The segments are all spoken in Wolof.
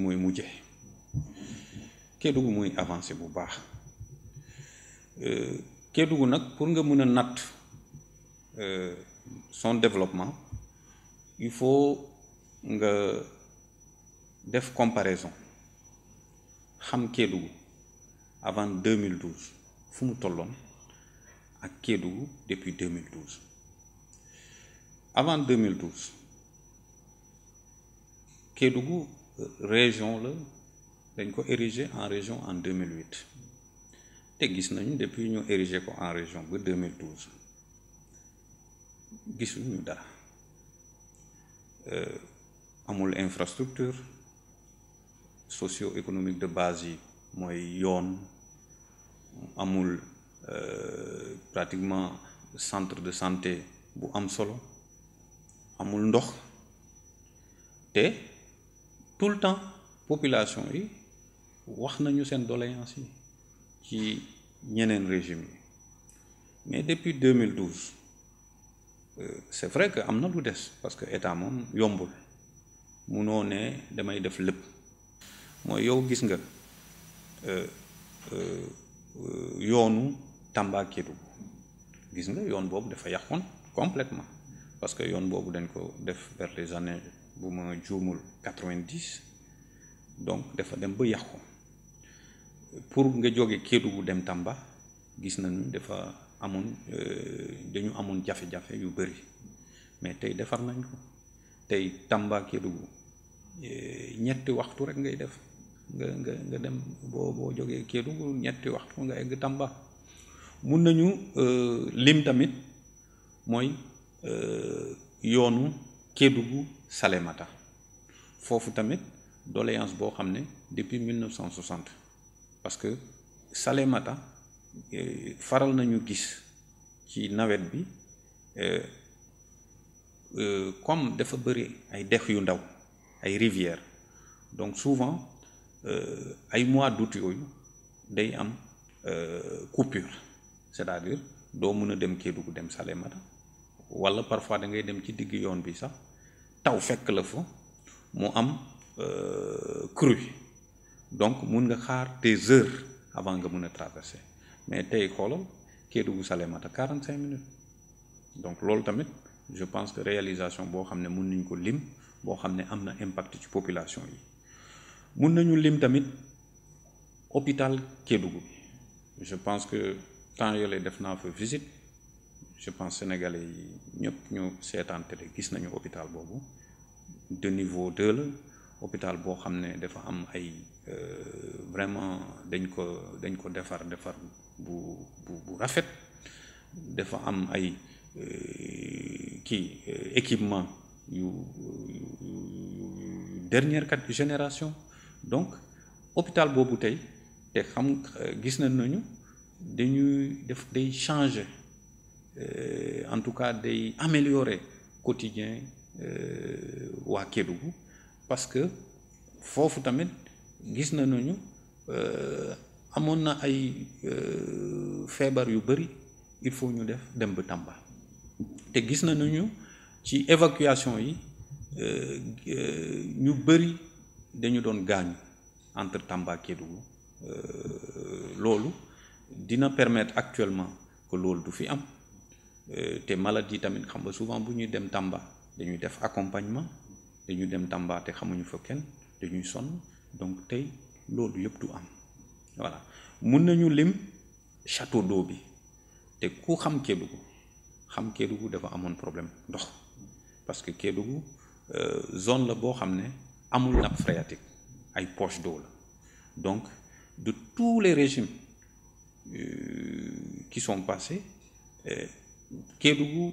moy mujje Kédougou mooy avancé bu baax euh, Kédougou nak pour nga nous nat euh, son développement il faut nga def comparaison xam Kédougou avant 2012 fu mu tolloon ak Kédougou depuis 2012 avant 2012 Kédougou région là dañ ko érigé en région en 2008 té gis nañu depuis ñu érigé ko en région en 2012 gisuñu dara euh, amul infrastructure socio-économique de base yi mooy yoon amul euh, pratiquement centre de santé bu am solo amul ndox te tout le temps population yi wax nañu seen doléance yi ci ñeneen régime yi mais depuis 2012 euh, c'est vrai que am na lu des parce que état moom yombul munoo ne damay def lépp mooy yow gis nga euh, euh, yoonu Tamba Kédougou gis nga yoon boobu dafa yàqoon complètement parce que yoon boobu dañ ko def vers les années bu ma juumul quatre-vingt-dix donc dafa dem ba yàqu pour nga jóge Kédougou dem Tamba gis nañu dafa amoon euh, dañu amoon jafe-jafe yu bëri mais tey defar nañ ko tey Tamba Kédougou euh, ñetti waxtu rek ngay def nga nga dem boo boo jógee Kédougou ñetti waxtu nga egg Tamba mun nañu euh, lim tamit mooy yoonu Kédougou Salemata. Fofu tamit doléance bo xamné depuis 1960 parce que Salémata eh, faral nañu gis ci navette bi eh, eh, comme dafa bëri ay dex yu ndaw ay rivières donc souvent ay mois d'août yooyu day am coupure c'est-à-dire do mën dem dem Kédougou dem Salemata. wala parfois da ngay dem ci digg yoon bi sax taw fekk la fa mu am euh, cru donc mun nga xaar des heures avant nga mun a traverser mais tey xoolal Kédougou salemata 45 minutes donc loolu tamit je pense que réalisation boo xam ne mun nañ ko lim boo xam ne am na impact ci population yi mun nañu lim tamit hôpital Kédougou bi je pense que temps yoolee def naa fa visite je pense sénégalais yi ñëpp ñu seetaan télé gis nañu hôpital boobu de niveau deux l'hôpital hôpital boo xam dafa am ay euh, vraiment dañ ko dañ ko defar defar bu bu bu rafet dafa am ay qui euh, euh, équipement yu dernière quatre génération donc hôpital bobu tay te xam gis nañu dañuy def day changer euh, en tout cas des améliorer quotidien euh, wa Kédougou parce que fofu tamit gis nañu euh amoon na ay euh, fièvre yu bëri il faut ñu def dem ba Tamba té gis nañu ci évacuation yi ñu bëri dañu don gaañu entre Tamba Kédougou lolu dina permettre actuellement que lolu du fi am. Euh, té maladies tamit xam nga souvent bu ñuy dem Tamba dañuy def accompagnement dañuy dem Tamba té xamuñu fa dañuy donc am voilà mun nañu lim château d'eau bi te ku xam kédugu xam kédugu dafa amoon problème ndox parce que euh, zone la boo ne amul nappe phréatique ay poche d'eau donc de tous les régimes euh, qui sont passés euh, Kédougou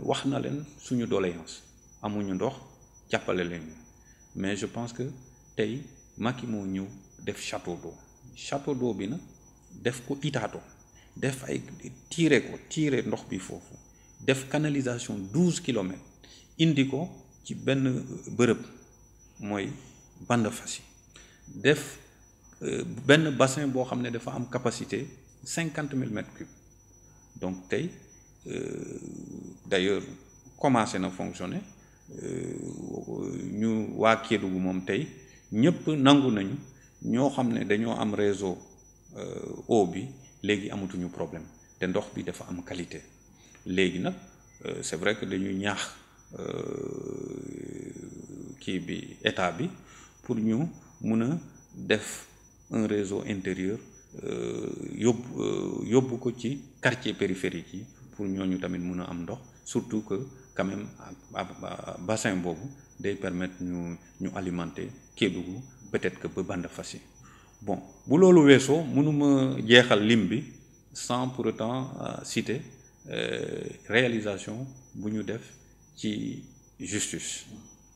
wax na leen suñu doléance amuñu ndox jàppale leen mais je pense que tey Macky moo ñëw def château d'eau château d'eau bi na def ko itaato def ay tiré ko tiré ndox bi foofu def canalisation 12 kilomètres indi ko ci benn bërëb mooy bande fasi def euh, benn bassin boo xam ne dafa am capacité cinquante mille mètres cubes donc tey euh, d'ailleurs commencé à fonctionner euh, ñu waa Kédougou mom tay ñëpp nangu nañu ño xamné ne dañoo am réseau euh, eau bi léegi amatuñu problème té ndox bi dafa am qualité légui nak c'est vrai que dañuy ñaax kii bi état bi pour ñu mun def un réseau intérieur yob yóbbu ko ci quartier périphérique pour ñooñu tamit mëna am ndox surtout que quand même bassin bobu day permettre ñu ñu alimenter Kédougou peut-être que ba Bandafassi bon bu lolu weesoo mënuma jéxal limbi sans pour autant euh, citer euh, réalisation bu ñu def ci justice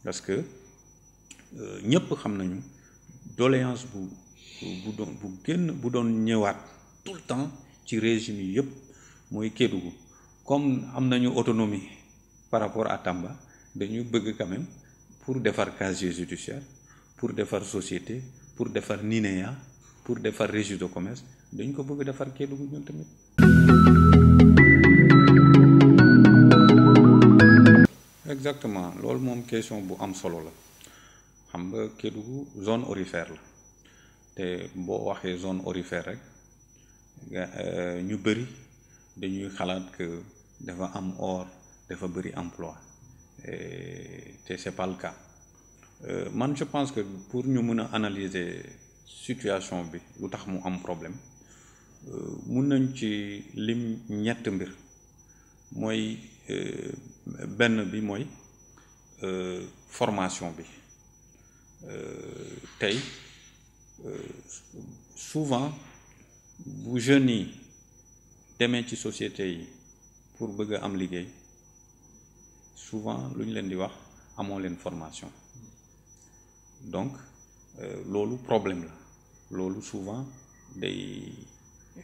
parce que euh, ñëpp xam nañu doléance bu bu don bu génn bu doon ñëwaat tout le temps ci régime yi yépp mooy Kédougou comme am nañu autonomie par rapport à Tamba dañuy bëgg quand même pour defar casier judiciaire pour defar société pour defar NINEA pour defar registre de commerce dañ ko bëgg defar Kédougou ñun tamit. exactement loolu moom question bu am solo la xam nga Kédougou zone aurifère la te boo waxee zone aurifère rek euh, ñu bëri dañuy xalaat dafa am or dafa bëri emploi eh, te c'est pas le cas eh, man je pense que pour ñu mën a analyser situation bi lu tax mu am problème eh, mun nañ ci lim ñett mbir mooy benn bi mooy formation bi tey souvent bu jeunes yi demee ci société yi pour bëgg am liggéey souvent lu ñu leen di wax amoo leen formation donc euh, loolu problème la loolu souvent day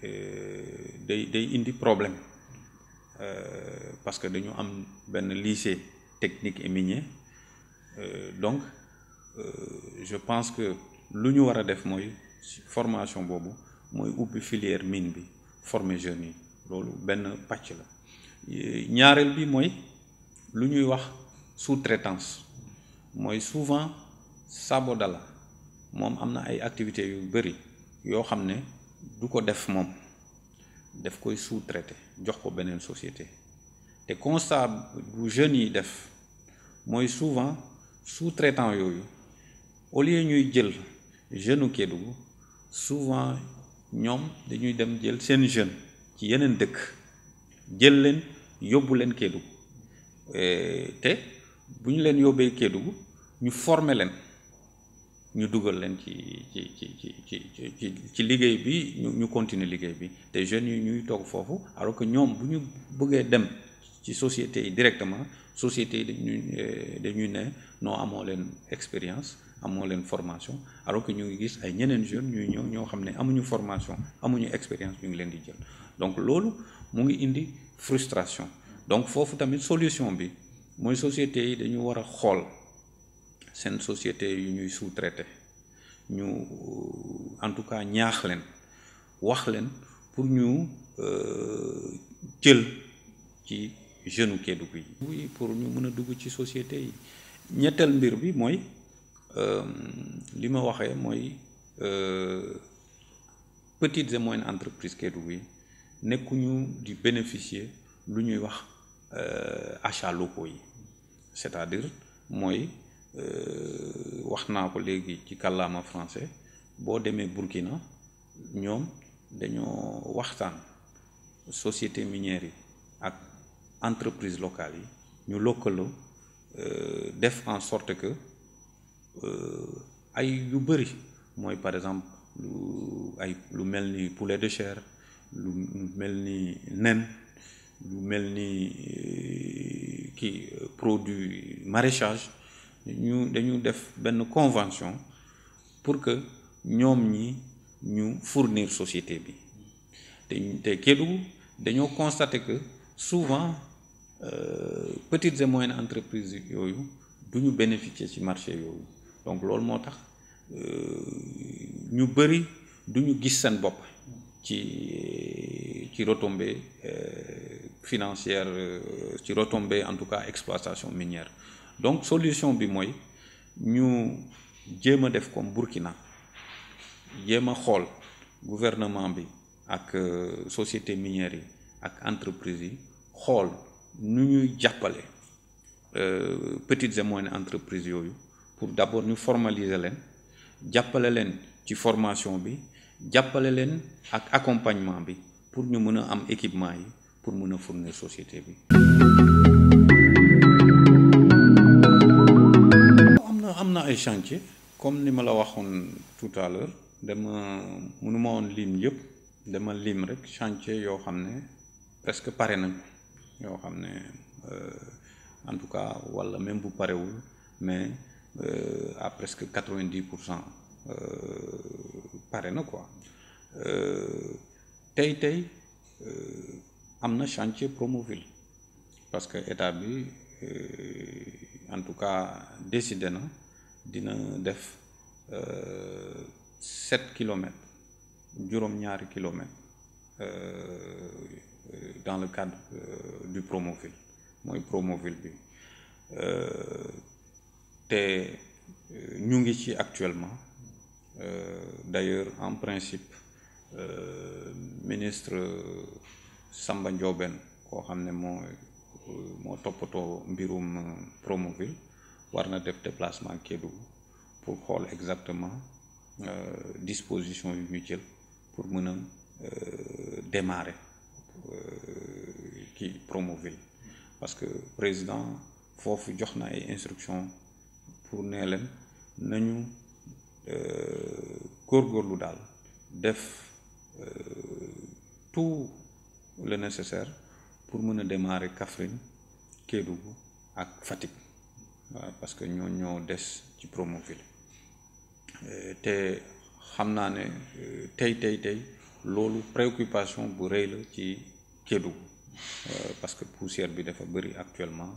euh, day day indi problème euh, parce que dañu am benn lycée technique et minier donc je pense que lu ñu war a def mooy formation boobu mooy ubbi filière mine bi former jeunes yi loolu benn pàcc la ñaareel bi mooy lu ñuy wax sous-traitance mooy souvent Sabodala moom am na ay activités yu bëri yoo xam ne du ko def moom def koy sous-traité jox ko beneen société te constat bu jeunes yi def mooy souvent sous-traitant yooyu au lieu ñuy jël jeune Kédougou souvent ñoom dañuy dem jël seen jeune ci yeneen dëkk jël leen yóbbu leen Kédougou eh, te bu ñu leen yóbbee ñu leen ñu dugal leen ci ci ci ci ci ci bi ñu ñu continuer bi jeunes ñuy toog alors que ñoom bu dem ci sociétés directement société eh, non expérience amoo formation alors que ñu gis jeunes ñuy amuñu formation amuñu expérience donc c'est mu ngi indi frustration donc trouver tamit solution bi société yi dañu société yu ñuy sous-traité Nous... Euh, en tout cas ñaax wax pour ñu euh, ci oui pour ñu mëna ci société yi ñettal mbir bi euh, petites et moyennes entreprises nekkuñu di bénéficier lu ñuy wax euh, achats locaux yi c'est-à-dire mooy euh, wax naa ko léegi ci en français boo demee Burkina ñoom dañoo waxtaan société minière yi ak entreprise locale yi ñu lëkkaloo euh, def en sorte que ay yu bëri mooy par exemple lu ay lu mel ni poulet de chair nous melni nen lu eh, produit maraîchage ñu dañu def convention pour que nous ñi ñu fournir société bi té avons constaté que souvent euh, petites et moyennes entreprises bénéficient du marché donc nous motax euh ñu bari du ñu sen qui ci euh, financière, qui euh, ci en tout cas exploitation minière donc solution bi moy ñu comme Burkina jéem xol gouvernement bi ak euh, société minière et ak entreprise yi xool nu ñuy petites et moyennes entreprises pour d'abord nous formaliser les jappalé len ci formation jàppale leen ak accompagnement bi pour ñu mën a am équipement yi pour mën a fournir société bi. am na am na ay chantier comme ni ma la waxoon tout à l'heure dama mënuma woon lim yëpp dama lim rek chantier yoo xam ne presque pare nañ yoo xam ne euh, en tout cas walla même bu parewul mais euh, à presque quatre-vingt-dix pour cent. Euh, par quoi uh, Tay uh, chantier Promoville parce que état uh, en tout cas décidé na dina def 7 km km dans le cadre du Promoville promo Promoville bi ñu ngi ci actuellement euh, d'ailleurs en principe euh, ministre Samba Ndiobène qui xam le moo de mbirum Promoville war déplacement pour voir exactement euh, disposition de ñu pour mën démarrer qui promouvoir parce que président foofu jox na ay instructions pour nous nous euh, góorgóorlu daal def euh, tout le nécessaire pour mën a démarrer Kaffrine Kédougou ak Fatick waaw parce que ñoo ñoo des ci Promoville euh, te xam naa ne tey tey tey loolu préoccupation bu rëy la ci Kédougou parce que poussière bi dafa bëri actuellement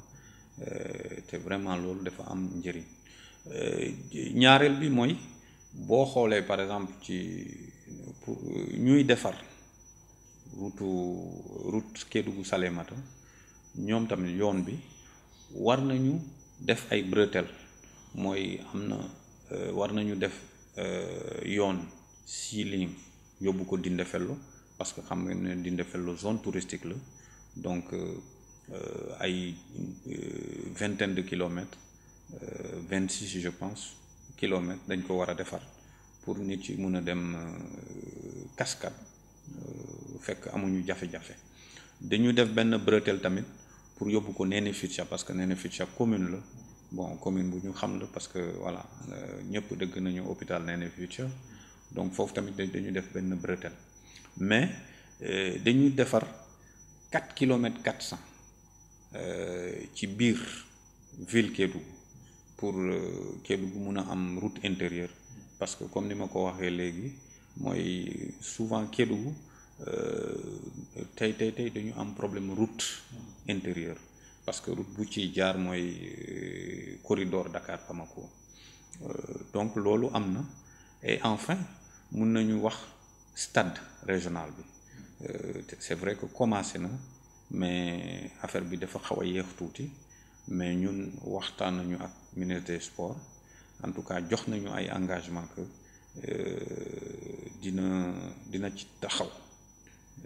te vraiment loolu dafa am njëriñ ñaareel bi mooy boo par exemple ci ñuy defar route route Kédougou Salémata ñoom tamit yoon bi war nañu def ay bretel mooy am na euh, def euh, yoon ko parce que xam zone touristique la donc euh, vingtaine de kilomètres vingt-six je pense kilomètres dañ ko war a defar pour nit ci mun a dem euh, cascade euh, fekk amuñu jafe-jafe dañu def benn bretel tamit pour yóbbu ko Nénéfitcha parce que Nénéfitcha commune la bon commune bu ñu xam la parce que voilà euh, ñëpp dëgg nañu hôpital Nénéfitcha donc foofu tamit dañu def benn bretel mais dañu defar 4 kilomètres 400 ci biir ville Kédougou pour euh, Kédougou mun a am route intérieure parce que comme ni ma ko waxee léegi souvent Kédougou euh, tey tey tey dañu am problème route intérieure parce que route bu ci jaar mooy euh, corridor Dakar Euh, donc loolu am et enfin mun nañu wax stade régional bi c'est vrai que commencé na mais affaire bi dafa xaw a tuuti mais ñun waxtaan nañu ak ministre des sports en tout cas nous avons ay engagement que euh, dina dina ci taxaw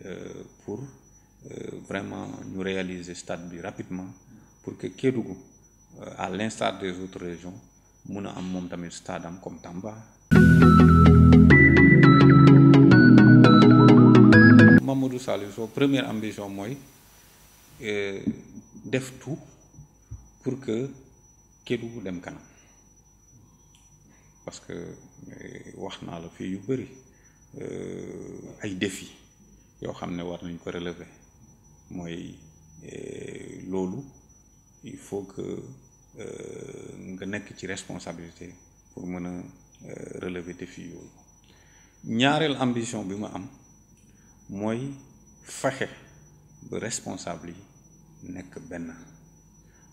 euh, pour euh, vraiment réaliser réaliser stade bi rapidement pour que Kédougou à l'instar des autres régions mun am mom tamit stade am comme Tamba. Mamadou Saliou Sow première ambition euh, def tout pour que. Kédougou dem kanam parce que eh, wax naa la fi yu bari euh ay défi yo xamné ne war nañ ko relever mooy eh, lolu il faut que eh, nga nek ci responsabilité pour mën relever défi yooyu ñaarel ambition bi ma am moy fexe ba responsable yi nekk benn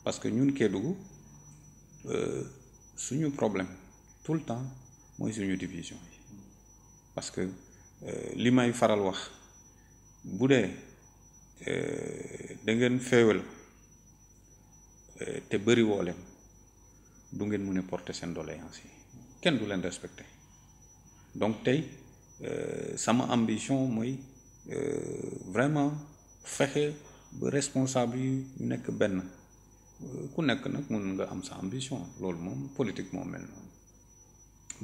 parce que ñun Kédougou euh, suñu problème tout le temps mooy suñu division yi parce que euh, li may faral wax bu dee euh, da ngeen féewal te bëri woo leen du ngeen mun a porter seen doléance yi kenn du leen respecté donc tey sama ambition mooy vraiment fexe ba responsable yi ñu nekk benn ku nekk nag mun nga am sa ambition loolu moom politique moo mel noonu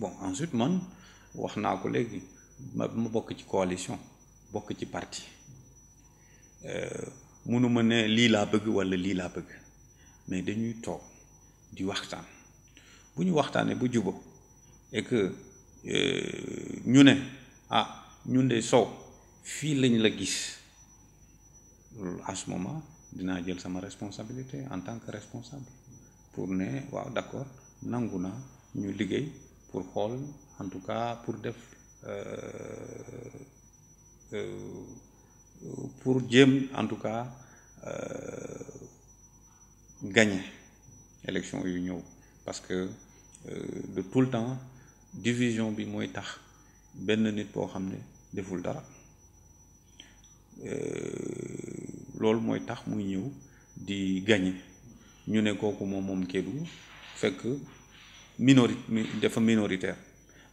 bon ensuite man wax naa ko léegi ma ma bokk ci coalition bokk ci parti euh, mënuma ne lii laa bëgg walla lii laa bëgg mais dañuy toog di waxtaan bu ñu waxtaanee bu jubo et que euh, ñu ne ah ñun de Sow fii lañ la gis à ce moment dina jël sama responsabilité en tant que responsable pour ne waaw d'accord nangu na ñu liggéey pour xool en tout cas pour def euh, euh, pour jéem en tout cas euh, gagner élection yu ñëw parce que de tout le temps division bi mooy tax benn nit boo xam ne deful dara loolu mooy tax muy ñëw di gagné ñu ne kooku moom moom kedu fekk minori dafa minoritaire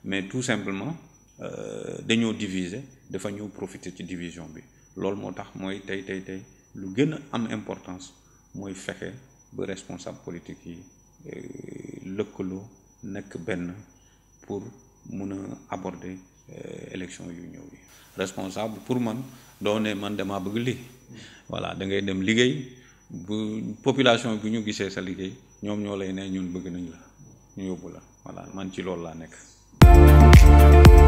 mais tout simplement euh, dañoo diviser dafa ñëw profiter ci division bi loolu moo tax mooy tey tey tey lu gën am importance mooy fexe ba responsable politique yi euh, lëkkaloo nekk benn pour mun a aborder euh, élection yu ñëw yi responsable pour man doo ne man damaa bëgg lii voilà da ngay dem liggéey bu population bu ñu gisee sa liggéey ñoom ñoo lay ne ñun bëgg nañ la ñu yóbbu la voilà man ci loolu laa nekk.